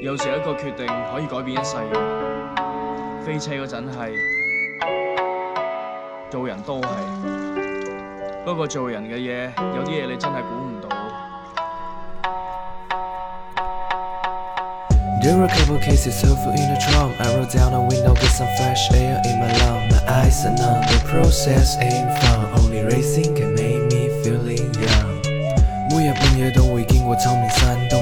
有時有一個決定可以改變一世。飛車嗰陣係，做人都係，不過做人嘅嘢，有啲嘢你真係估唔到。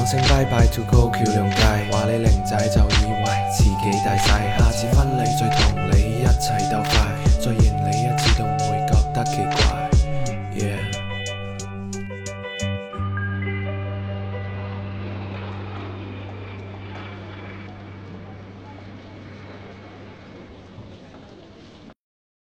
講聲拜拜 to 高橋良介，話你靚仔就以為自己大曬，下次返嚟再同你一齊鬥快，再贏你一次都唔會覺得奇怪。